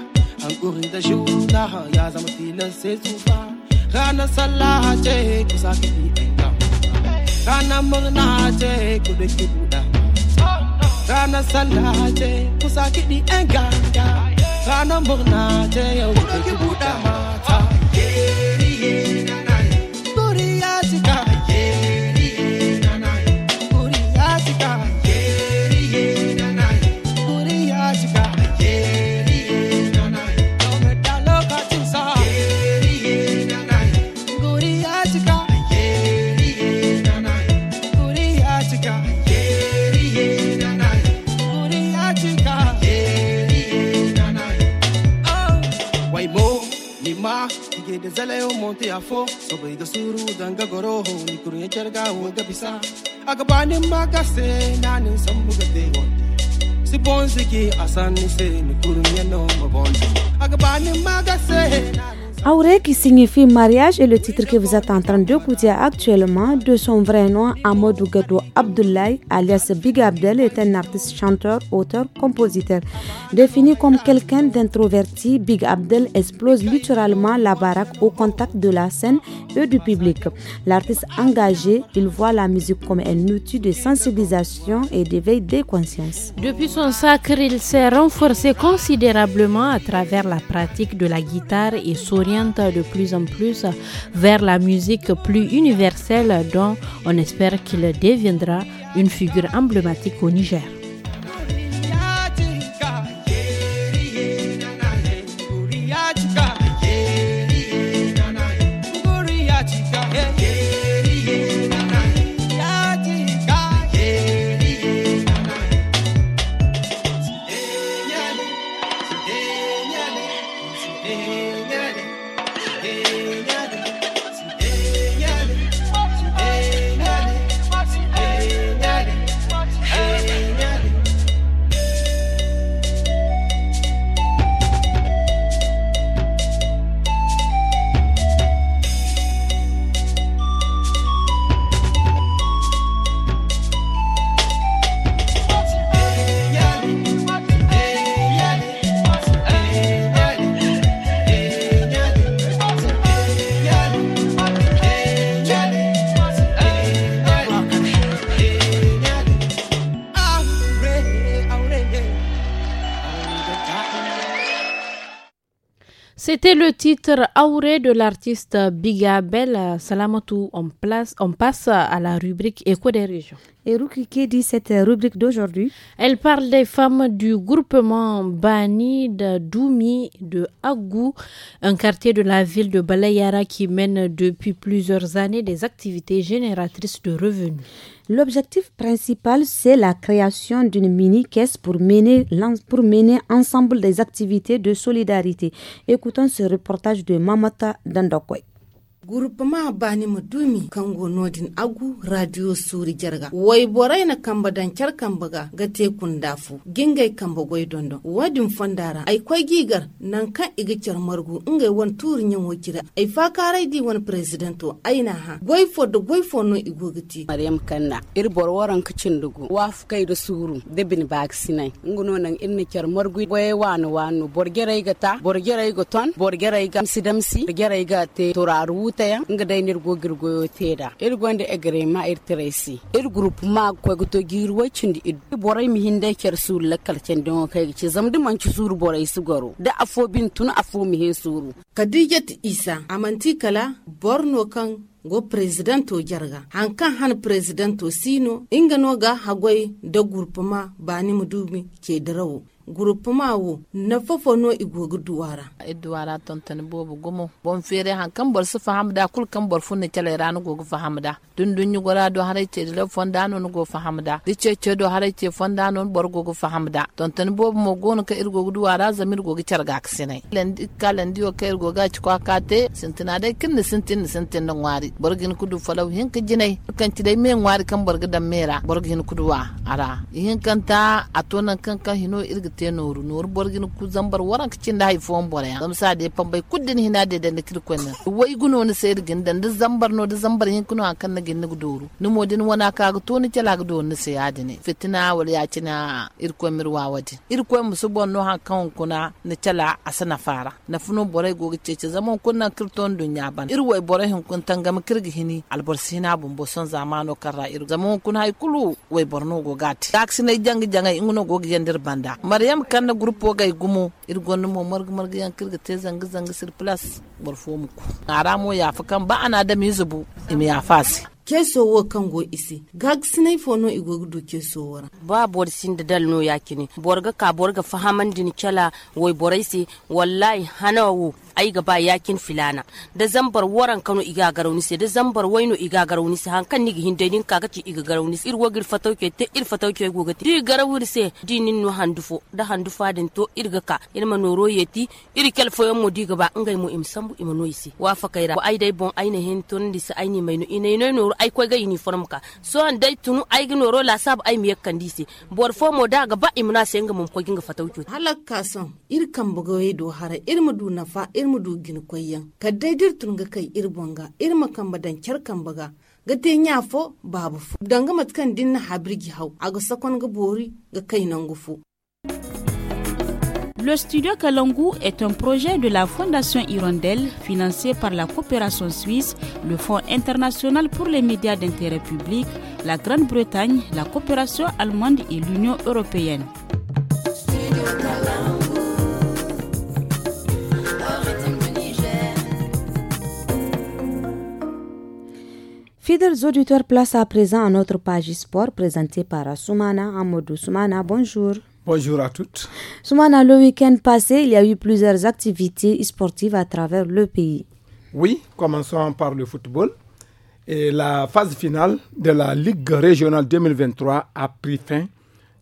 ankurinda juda ya za matina sesufa rana salaha ce enga rana murna ce kibuda. rana salaha ce enga rana murna ce yau kibuda. fo sobe iga suru danga goroho ni kurunya charga hu ga bisa aga bani maga se nani sambuga de wonti si bonzi ki asan ni se ni kurunya no mabonzi aga bani maga se nani Aure qui signifie mariage est le titre que vous êtes en train d'écouter actuellement de son vrai nom Amadou Gadou Abdoulaye alias Big Abdel est un artiste chanteur, auteur, compositeur. Défini comme quelqu'un d'introverti, Big Abdel explose littéralement la baraque au contact de la scène et du public. L'artiste engagé, il voit la musique comme un outil de sensibilisation et d'éveil des consciences. Depuis son sacre, il s'est renforcé considérablement à travers la pratique de la guitare et sourire de plus en plus vers la musique plus universelle dont on espère qu'il deviendra une figure emblématique au Niger. C'était le titre Auré de l'artiste Bigabel Salamatou. On, place, on passe à la rubrique Écho des régions. Et Rukiké dit cette rubrique d'aujourd'hui. Elle parle des femmes du groupement Bani de Doumi de Agou, un quartier de la ville de Balayara qui mène depuis plusieurs années des activités génératrices de revenus. L'objectif principal, c'est la création d'une mini-caisse pour mener, pour mener ensemble des activités de solidarité. Écoutons ce reportage de Mamata Dandokwek. gurbama bani mudumi kango nodin agu radio suri jarga wai borai na kamba dancar kamba ga gate tekun dafu gingai kamba goi dondo wadin fandara ai kwai gigar nan kan igicar margu ingai wan turin yan wakira ai fa karai di wan presidento ai na ha goi fo da goi fo no igogiti maryam kanna ir borwaran kicin dugu waf kai da suru da bin ngu ngono nan inna car margu goi wano wano borgerai ga ta borgerai ga ton borgerai ga sidamsi borgerai ga te turaru yan ngada nir go girgo teda ir gonda egre ma ir tresi ir group ma ko to girwo cindi id borai mi hinde ker su lakal cendon kai ci zamdi man ci suru borai su garo da afo bin tun afo mi hin suru kadijat isa amanti kala borno kan go presidento jarga hankan han presidento sino inga no ga hagoi da gurpuma ba ni mudumi ke darawo gurupuma wo na fofo no igogi duwara i duwara tonton bobu gomo. bon fere han kan bor su fahamda kul kan bor funne cele ranu gogi fahamda dun dun gora do hare ce le fonda non go fahamda di che ce do hare ce fonda non bor gogi fahamda tonton bobu mo gono ka irgogi duwara zamir gogi carga kasine len kalen o ka irgoga ci kwa kate sintina dai kin sintin sintin no ngwari bor gin kudu falaw hin ka jine kan ci de me ngwari kan bor ga mera bor gin kudu wa ara hin kan ta atona kan kan hino irgi te nooru nooru borgin ku zambar waran ka cinda hay fon sa de pambay kuddin hina de dan kir kwenna way guno ne sayir gin dan zambar no de zambar yin kuno an kan gin nugu doru no modin wana ka ga to tela ga don ne fitina wal ya cina irko mir wawadi irko mu su bonno kan kuna asana fara na funo boray go cece zaman kunna dunya ban irway boray hin kun tangam hini albor sina boson zamano karra ir zaman kun hay kulu way borno go gati taksi ne inguno go banda maryam kan na grupo igumo gumo irgon mo marg marg yan kirga te zanga zanga sir plus barfo muku aramo ya fa kan ba ana da mizubu zubu imi ya fasi kan kango isi gag sinai fono igo do kesowora ba bor sinda dal no yakini borga ka borga fahaman din kala woy boraisi wallahi hanawu ai gaba yakin filana da zambar woran kano iga garauni se da zambar waino iga garauni se hankan gihin hinde din kaga ci iga garauni se irwo gir fatauke te ir fatauke goga ti garawir se dinin no handufo da handufa din to irga ka ma noro yeti ir kelfo yammo diga ba ngai mu sambu imano isi wa fakaira ai dai bon ainihin tun disa aini mai no inai no tunu ai koy ga uniform ka so an dai tunu ai gino noro la sab ai miyak kan bor fo mo da ga ba imna senga mum ko ginga fatau halak ka son ir kan bugoye do hara ir mu du nafa ir mu du gin ka dai dir tun ga kai ir bonga ir ma kan badan kyar kan baga ga te nya fo babu fo danga kan din na habirgi hau aga sakon ga bori ga kai nan gufu Le studio Kalangu est un projet de la Fondation Hirondelle financé par la coopération suisse, le Fonds international pour les médias d'intérêt public, la Grande-Bretagne, la coopération allemande et l'Union européenne. Fidèles auditeurs, place à présent à notre page sport présentée par Soumana Amadou. Soumana, bonjour. Bonjour à toutes. Soumana, le week-end passé, il y a eu plusieurs activités sportives à travers le pays. Oui, commençons par le football. Et la phase finale de la Ligue régionale 2023 a pris fin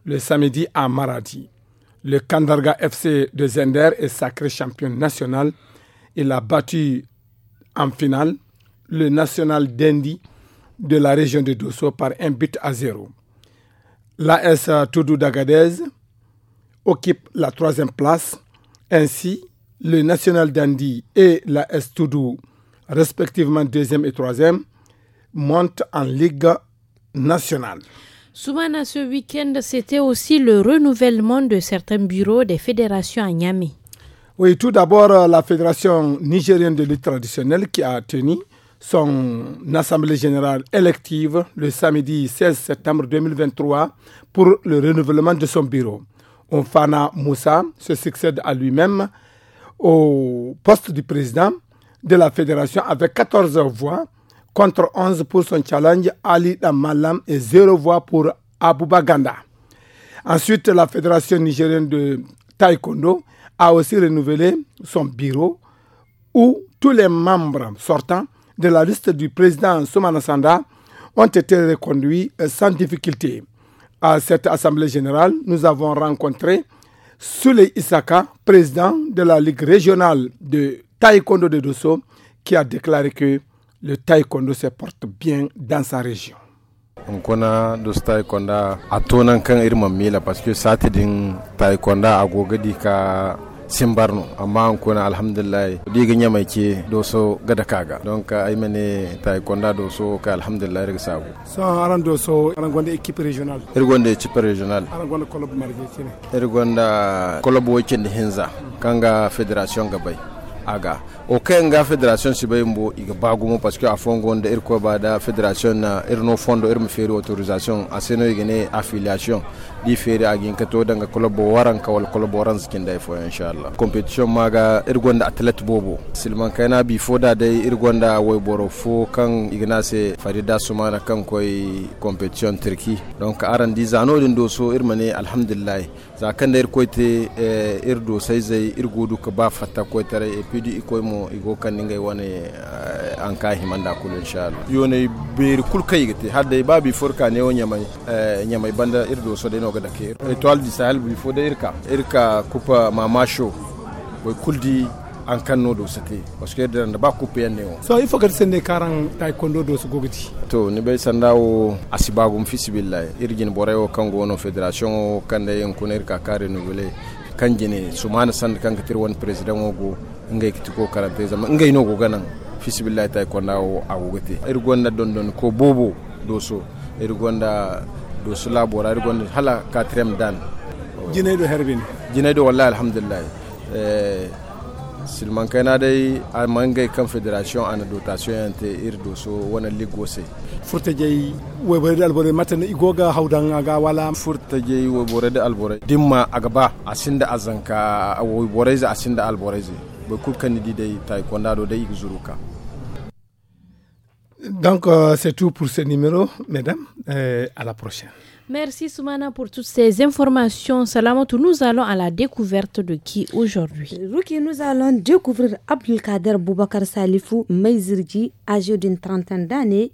le samedi à Maradi. Le Kandarga FC de Zender est sacré champion national. Il a battu en finale le National d'Indy de la région de Dosso par un but à zéro. L'AS Toudou d'Agadez occupe la troisième place. Ainsi, le National d'Andy et la Estoudou, respectivement deuxième et troisième, montent en Ligue nationale. Soumana, ce week-end, c'était aussi le renouvellement de certains bureaux des fédérations à Niamey. Oui, tout d'abord, la Fédération nigérienne de lutte traditionnelle qui a tenu son assemblée générale élective le samedi 16 septembre 2023 pour le renouvellement de son bureau. Onfana Moussa se succède à lui-même au poste du président de la fédération avec 14 voix contre 11 pour son challenge Ali Damalam et 0 voix pour Abouba Ganda. Ensuite, la fédération nigérienne de taekwondo a aussi renouvelé son bureau où tous les membres sortants de la liste du président Soumana Sanda ont été reconduits sans difficulté à cette Assemblée générale, nous avons rencontré Sule Isaka, président de la Ligue régionale de taekwondo de Dosso, qui a déclaré que le taekwondo se porte bien dans sa région. taekwondo parce que taekwondo barno amma an kuna alhamdulillah diga nyama ke doso gada kaga ka ay mene tay konda doso ka alhamdulillah rek sabu so aran doso aran gonda equipe regional er gonda équipe regional aran gonda club marje kine er gonda club wo kende hinza kanga fédération gabay aga o ga federation si bai mbo iga bagumo parce que fongo nda ir koy bada federation na uh, ir no fondo ir mi feeri autorisation aseno igene affiliation feri feeri agin to danga club bo ka walla club waran sikinday fo inchallah compétition maga ir gonda athlète bobo silman kaina bi fo da dai ir gonda woy boro fo kan igana se farida sumana kan koy competition turki donc aran di din do so ir mane alhamdulillah zakan kan da ir koyte eh, ir do sai zai ir godu ka ba fatta tare e pidi ikoy mo igo kan ninga wane eh, an ka himanda kulu inshallah yone beri kul kai gite hadde babi forka ne wonya mai eh, nyamai banda irdo so de no gada ke ritual eh, di sahel bi fo de irka irka kupa mamasho boy kuldi an kan no do sake parce que da ba kupe ne o so ifo faut sende karan taekwondo do su gogiti to ni bai sandawo asibagum fisibillahi irgin bore borewo kango no federation o kande en kunir ka kare no kan jine su mana san kan kitir wani president ogo ngay kiti ko kara pesa ma ngay no go ganan ta tay ko ndaw awugete ir gonda don don ko bobo doso ir gonda doso labora ir gonda hala katrem dan do herbin do wallahi alhamdulillah eh silman kaina dai a mangay confederation federation ana dotation yante ir doso wona ligose furta jey webore da albore mata na igoga hawdan aga wala furta jai webore da albore dimma agaba asinda azanka webore za asinda albore Donc, euh, c'est tout pour ce numéro, mesdames. à la prochaine. Merci Soumana pour toutes ces informations. Salamatou, nous allons à la découverte de qui aujourd'hui nous allons découvrir Abdelkader Boubakar Salifou Meizirji, âgé d'une trentaine d'années.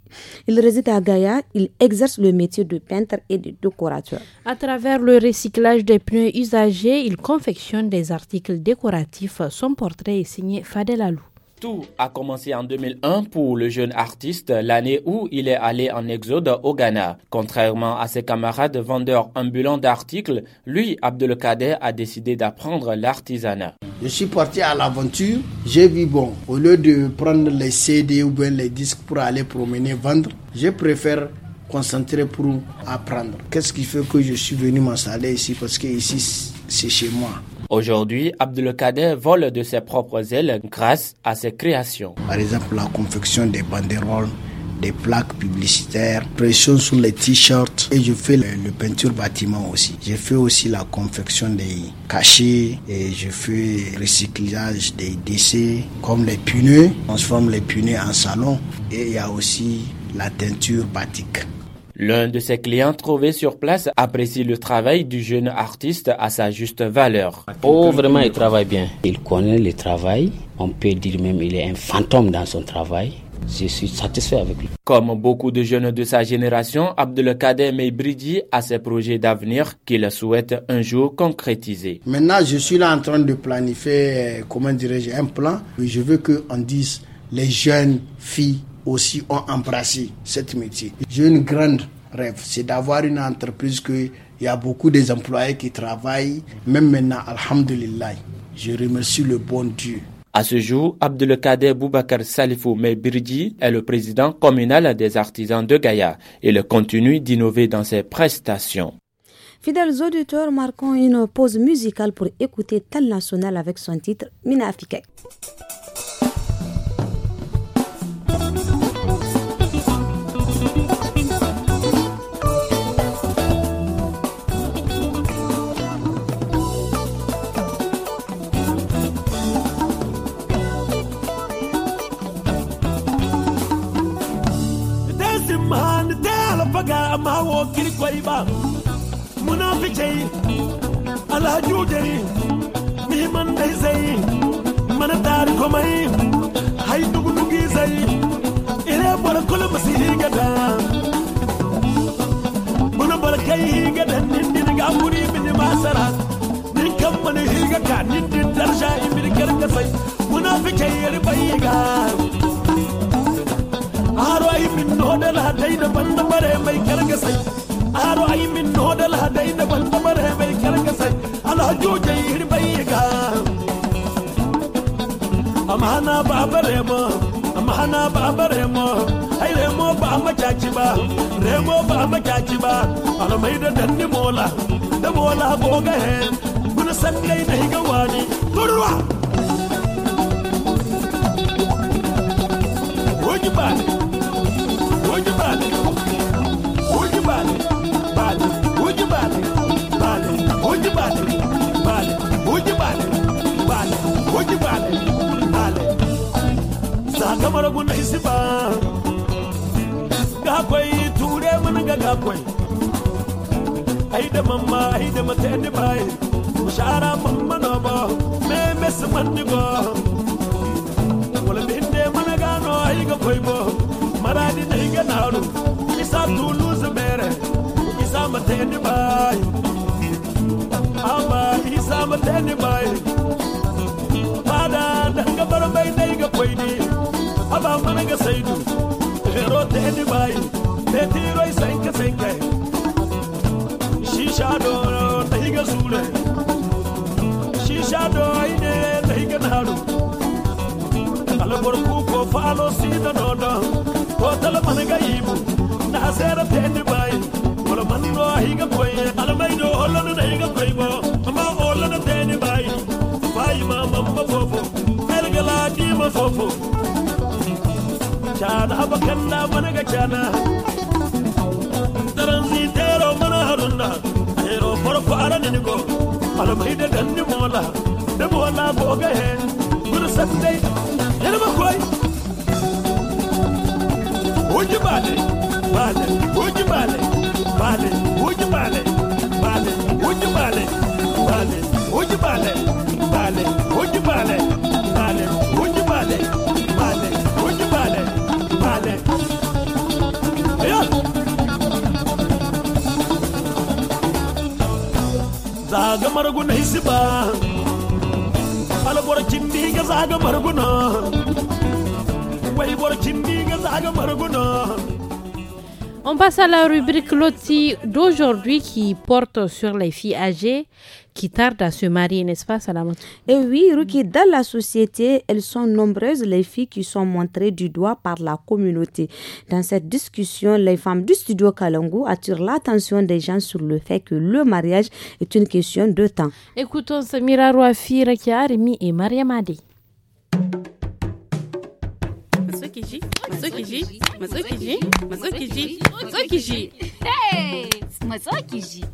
Il réside à Gaïa, il exerce le métier de peintre et de décorateur. À travers le recyclage des pneus usagés, il confectionne des articles décoratifs. Son portrait est signé Fadel Alou. Tout a commencé en 2001 pour le jeune artiste, l'année où il est allé en exode au Ghana. Contrairement à ses camarades vendeurs ambulants d'articles, lui, Abdelkader, a décidé d'apprendre l'artisanat. Je suis parti à l'aventure. J'ai vu, bon, au lieu de prendre les CD ou bien les disques pour aller promener, vendre, je préfère concentrer pour apprendre. Qu'est-ce qui fait que je suis venu m'installer ici Parce que ici, c'est chez moi. Aujourd'hui, Abdelkader vole de ses propres ailes grâce à ses créations. Par exemple, la confection des banderoles des plaques publicitaires, pression sur les t-shirts et je fais le, peinture bâtiment aussi. Je fais aussi la confection des cachets et je fais le recyclage des décès comme les pneus. On transforme les pneus en salon et il y a aussi la teinture bâtique. L'un de ses clients trouvé sur place apprécie le travail du jeune artiste à sa juste valeur. Oh, vraiment, il travaille bien. Il connaît le travail. On peut dire même qu'il est un fantôme dans son travail. Je suis satisfait avec lui. Comme beaucoup de jeunes de sa génération, Abdelkader Meibridi a ses projets d'avenir qu'il souhaite un jour concrétiser. Maintenant, je suis là en train de planifier, euh, comment dirais-je, un plan. Je veux qu'on dise les jeunes filles aussi ont embrassé cette métier. J'ai une grande rêve, c'est d'avoir une entreprise que il y a beaucoup des employés qui travaillent, même maintenant, alhamdulillah. Je remercie le bon Dieu. À ce jour, Abdelkader Boubakar Salifou Mebridi est le président communal des artisans de Gaïa et le continue d'innover dans ses prestations. Fidèles auditeurs, marquons une pause musicale pour écouter Tal National avec son titre Mina Afrique. ga amma wo kirkwai ba munafikai alhaju dai miman dai zai mana tari komai hai dugudugi zai ire bar kul masihi gada mun bar kai gada nin din ga muri min masara nin kan mana hilga ka nin din darsha imir karkasai munafikai yarbai ga aro ay min nodal ha dayna banda mare mai karga sai aro ay min nodal ha dayna banda mare mai karga sai alhajoje hirbai ga amhana babare mo amhana babare mo ai remo ba majaci ba remo ba majaci ba almai da danni mola da mola goga he guna sangai nahi gawani turwa Would you buy kamar guna isi ba ga kwai ture mana ga ga kwai ai da mamma ai da mata ni bai shara mamma no ba me me su man ni go wala bin de mana ga no ai ga kwai bo maradi niga naru isa tulu zebere isa mateni bai ama isa mateni bai pada danga barbai niga koini aba managa saidu hero teni bai teti roi senke senke shisha do niga sule shisha do ine niga naru alborku ko falo sidano tala man ibu na sera tendi bay wala man no higa ala may do holla no higa koy bo amma bay bay ma mamba fofo ma fofo chana abakan na man chana taranzi tero man tero forfo ara ni ala may de mola de mola go ga he gur sande would bale, bale, would bale, bale, would bale, bale, would bale, bale, would bale, bale, would bale, bale, would bale, bale, would bale, bale. Zaga maraguna hisiba, alabora chimbi ga zaga maraguna, wai bora chimbi On passe à la rubrique Loti d'aujourd'hui qui porte sur les filles âgées qui tardent à se marier, n'est-ce pas, Salamandou Et eh oui, Ruki, dans la société, elles sont nombreuses les filles qui sont montrées du doigt par la communauté. Dans cette discussion, les femmes du studio Kalongo attirent l'attention des gens sur le fait que le mariage est une question de temps. Écoutons Samira Rouafi, Rekia Arimi et Maria Kiji, Kiji, Hey! Kiji.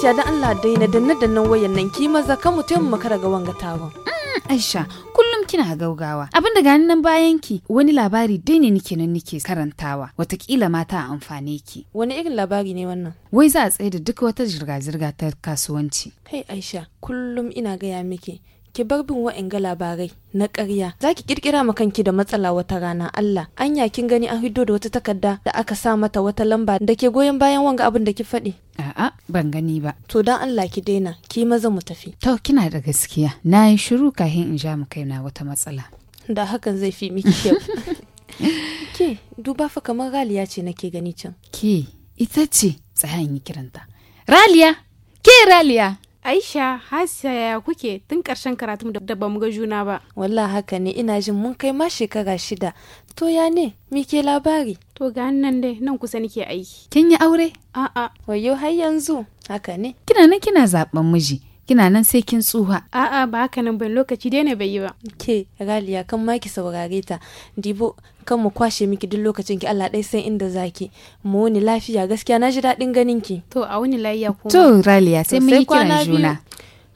Asiya da Allah daina danna dannan wayan nan ki maza kan mu taimu makara ga wanga tawon. Mm, Aisha kullum kina gaugawa abin da gani nan bayan ki wani labari dai ne nike nan nike karantawa watakila mata a amfane ki. Wani irin labari ne wannan? Wai za a tsaye da duk wata zirga-zirga ta kasuwanci. Kai Aisha kullum ina gaya miki ki bar bin wa'anga labarai na ƙarya za ki kirkira ma kanki da matsala wata rana Allah anya kin gani an hiddo da wata takarda da aka sa mata wata lamba da ke goyon bayan wanga abin da ki faɗi a'a ban gani ba to dan Allah ki daina ki maza mu tafi to kina da gaskiya na yi shiru kafin in ja mu kaina wata matsala da hakan zai fi miki kyau ke duba fa kamar raliya ce nake gani can ke ita ce tsayan kiranta raliya ke raliya Aisha Hasiya yaya kuke tun karshen karatun da bamu ga juna ba. Wallah haka ne ina jin mun kai ma shekara shida. To ya ne? Me ke labari? To ga nan dai nan kusa nake aiki. Kin yi aure? A'a. Wayo har yanzu. Haka ne. Kina nan kina zaben miji. kina nan sai kin tsuha a'a ba haka nan ban lokaci daina bai yi ba ke raliya kan ma ki saurare ta dibo kan mu kwashe miki duk lokacin ki Allah dai san inda zaki mu wuni lafiya gaskiya na ji daɗin ganin ki to a wuni lafiya ko. to raliya sai mun yi kiran juna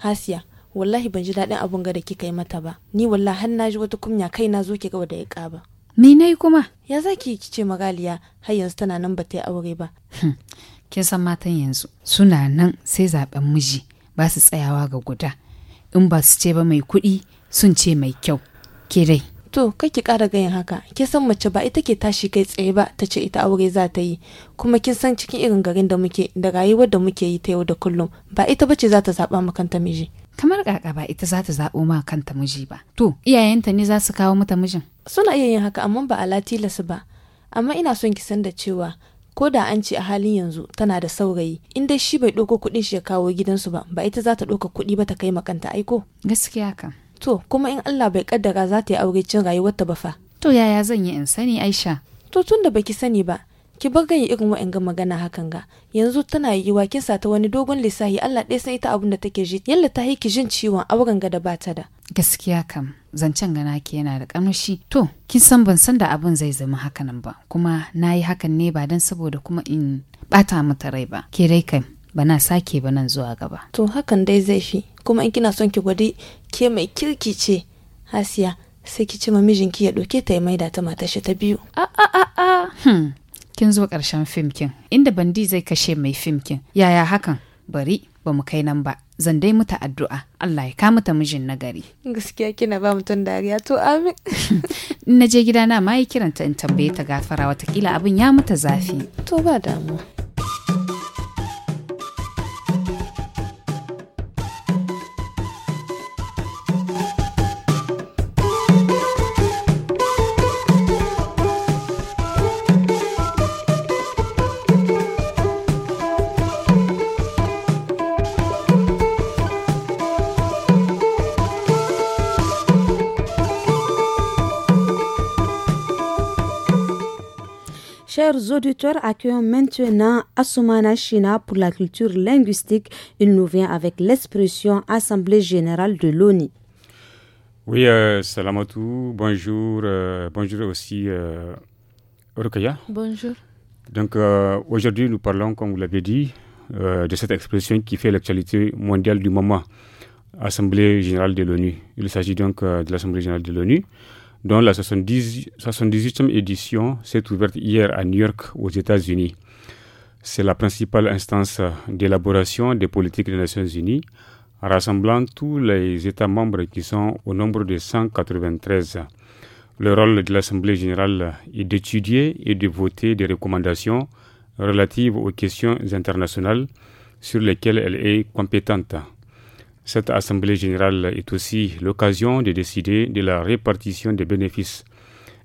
hasiya wallahi ban ji daɗin abun ga da kika yi mata ba ni wallahi har na ji wata kunya kai na zo ki ga da ya ƙaba me nayi kuma ya zaki ki ce magaliya har yanzu tana nan ba ta yi aure ba hm, kin san matan yanzu suna nan sai zaben miji ba su tsayawa ga guda in ba su ce ba mai kuɗi sun ce mai kyau ke dai to kai ki ƙara gayin haka ke san mace ba ita ke tashi kai tsaye ba ta ce ita aure za ta yi kuma kin san cikin irin garin da muke da rayuwar da muke yi ta yau da kullum ba ita bace za ta zaɓa ma kanta miji kamar kaka ba ita za ta zaɓo ma kanta miji ba to iyayenta ne za su kawo mata mijin suna iya yin haka amma ba a latilas ba amma ina son ki san da cewa ko da an ce a halin yanzu tana da saurayi in dai shi bai ɗauko kuɗin shi ya kawo gidansu ba ba ita za ta ɗauka kuɗi ba ta kai makanta aiko gaskiya ka to kuma in Allah bai kaddara za ta yi aure cin rayuwarta ba fa to yaya zan yi in sani Aisha to tun da baki sani ba ki bar gayi irin wa'anga magana hakan ga yanzu tana yi kin sa ta wani dogon lissahi Allah ɗaya san ita abin da take ji yalla ta yi ki jin ciwon auren ga da ta da gaskiya kam zancen gana ke yana da kamshi to kin san ban san da abin zai zama hakanan ba kuma na yi hakan ne ba don saboda kuma in bata mata rai ba ke rai kai ba na sake ba nan zuwa gaba to hakan dai zai fi kuma in kina son ki gwadi ke mai kirki ce hasiya sai ki ce ma mijinki ya ɗauke ta ya maida ta matashi shi ta biyu a a a a kin zo ƙarshen fimkin inda bandi zai kashe mai fimkin yaya hakan bari ba mu kai nan ba zan dai muta addu'a Allah ya ka mijin na gari gaskiya kina ba mutum dariya to amin na je gidana ma yi kiranta in tambaye ta gafara watakila abin ya muta zafi to ba damuwa Chers auditeurs, accueillons maintenant Asumana China pour la culture linguistique. Il nous vient avec l'expression Assemblée générale de l'ONU. Oui, euh, Salamatou, bonjour. Euh, bonjour aussi, euh, Bonjour. Donc euh, aujourd'hui, nous parlons, comme vous l'avez dit, de cette expression qui fait l'actualité mondiale du moment, Assemblée générale de l'ONU. Il s'agit donc de l'Assemblée générale de l'ONU dont la 78e édition s'est ouverte hier à New York, aux États-Unis. C'est la principale instance d'élaboration des politiques des Nations Unies, rassemblant tous les États membres qui sont au nombre de 193. Le rôle de l'Assemblée générale est d'étudier et de voter des recommandations relatives aux questions internationales sur lesquelles elle est compétente. Cette Assemblée générale est aussi l'occasion de décider de la répartition des bénéfices.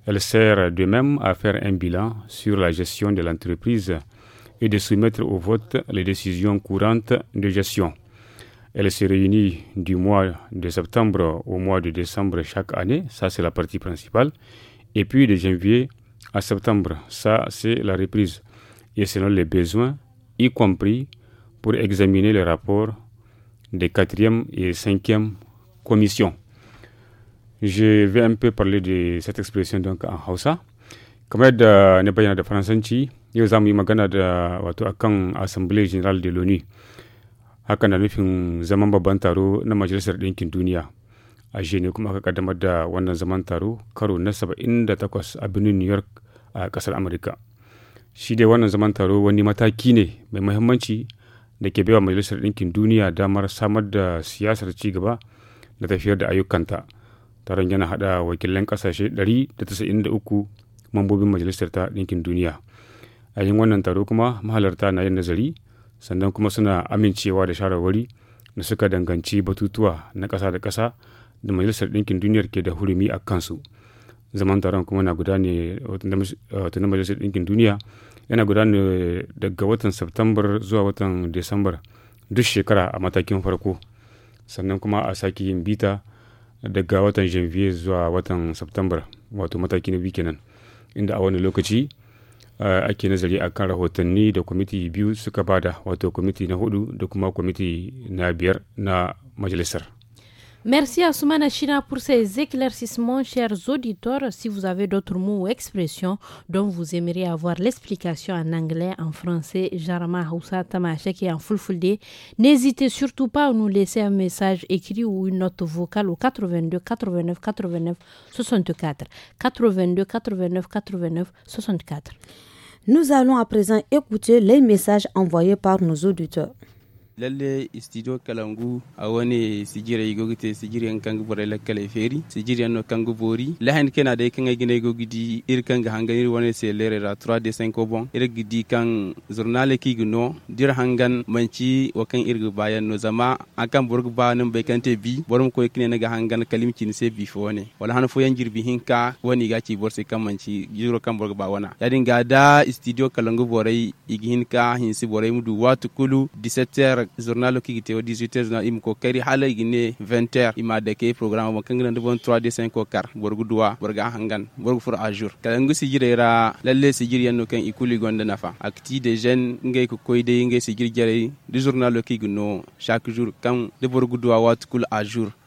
Elle sert de même à faire un bilan sur la gestion de l'entreprise et de soumettre au vote les décisions courantes de gestion. Elle se réunit du mois de septembre au mois de décembre chaque année, ça c'est la partie principale, et puis de janvier à septembre, ça c'est la reprise, et selon les besoins, y compris pour examiner les rapports des quatrième et cinquième commissions. Je vais un peu parler de cette expression donc en Hausa. Kamar da na bayyana da Faransanci, yau za mu yi magana da wato akan Assemblée Générale de l'ONU. Haka na nufin zaman babban taro na Majalisar Ɗinkin Duniya. A ne kuma aka kaddamar da wannan zaman taro karo na 78 a birnin New York a ƙasar Amurka. Shi dai wannan zaman taro wani mataki ne mai muhimmanci da ke baiwa majalisar ɗinkin duniya damar samar da siyasar ci gaba da tafiyar da ayyukanta taron yana haɗa wakilan ƙasashe 193 mambobin majalisar ta ɗinkin duniya a yin wannan taro kuma mahalarta na yin nazari sannan kuma suna amincewa da shawarwari da suka danganci batutuwa na ƙasa da ƙasa da majalisar ɗinkin duniyar ke da hurumi a kansu zaman taron kuma na gudane eh, na majalisar ɗinkin duniya yana gudana daga watan september zuwa watan december duk shekara a matakin farko sannan kuma a sake yin bita daga watan janvier zuwa watan september wato mataki na biyu kenan inda a wani lokaci eh, ake nazari a kan rahotanni da kwamiti biyu suka bada wato kwamiti na hudu da kuma kwamiti na biyar na majalisar Merci à Soumana China pour ces éclaircissements, chers auditeurs. Si vous avez d'autres mots ou expressions dont vous aimeriez avoir l'explication en anglais, en français, Jarma, Houssa, Tamashek et en Fulfulde, n'hésitez surtout pas à nous laisser un message écrit ou une note vocale au 82 89 89 64. 82 89 89 64. Nous allons à présent écouter les messages envoyés par nos auditeurs. lalle studio kalangu a wani sigira igogite sigira kangu borela kala feri sigira no kangu bori lahan kena da kanga gine igogidi ir kanga hangan ir wani se lere ra 3 de 5 bon ir gidi kan zurnale ki gino dir hangan manci wakan ir bayan no zama akan burg ba nan bai kante bi borum ko ikine naga hangan kalimci ne se bi fo ne wala han fo yan jirbi hinka wani gaci borsi kan manci jiro kan burg ba wana yadin ga da istidio kalangu borai igihinka hinsi mu mudu watukulu 17 journal ki gite o 18h journal im ko kari hala gine 20h ima de ke programme mo kangana de bon 3 de 5 ko kar borgu duwa borga hangan borgu fur a jour kala ngu sigire ra lalle sigire yanno kan ikuli gonde nafa ti de jeune ngay ko koyde ngay si sigire jare du journal ki gno chaque jour kan de borgu duwa wat kul a jour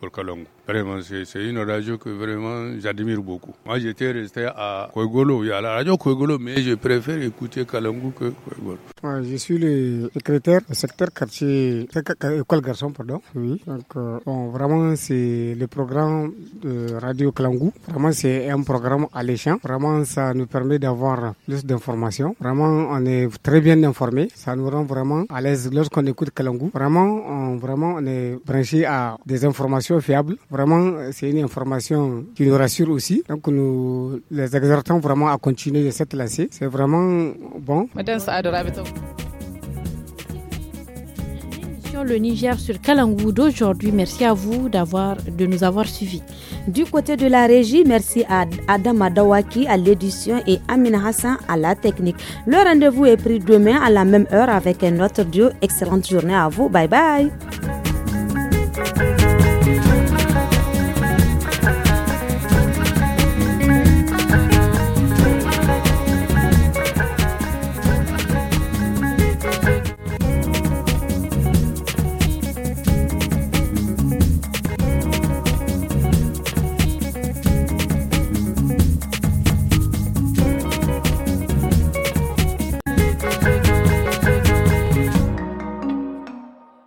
pour Vraiment, c'est une radio que vraiment j'admire beaucoup. Moi, j'étais resté à Kwegolo, Il y a la radio Kwegolo, mais je préfère écouter Kalongo que Kwegolo. je suis le secrétaire, du secteur quartier, euh, école garçon, pardon. Donc, euh, vraiment, c'est le programme de Radio Kalangu. Vraiment, c'est un programme alléchant. Vraiment, ça nous permet d'avoir plus d'informations. Vraiment, on est très bien informé. Ça nous rend vraiment à l'aise lorsqu'on écoute Kalangu. Vraiment, on, vraiment, on est branché à des informations fiable. Vraiment, euh, c'est une information qui nous rassure aussi. Donc, nous les exhortons vraiment à continuer de cette lancée. C'est vraiment bon. Madame le Niger sur Kalangou d'aujourd'hui. Merci à vous d'avoir, de nous avoir suivis. Du côté de la régie, merci à Adam Adawaki à l'édition et Amina Hassan à la technique. Le rendez-vous est pris demain à la même heure avec un autre duo. Excellente journée à vous. Bye bye.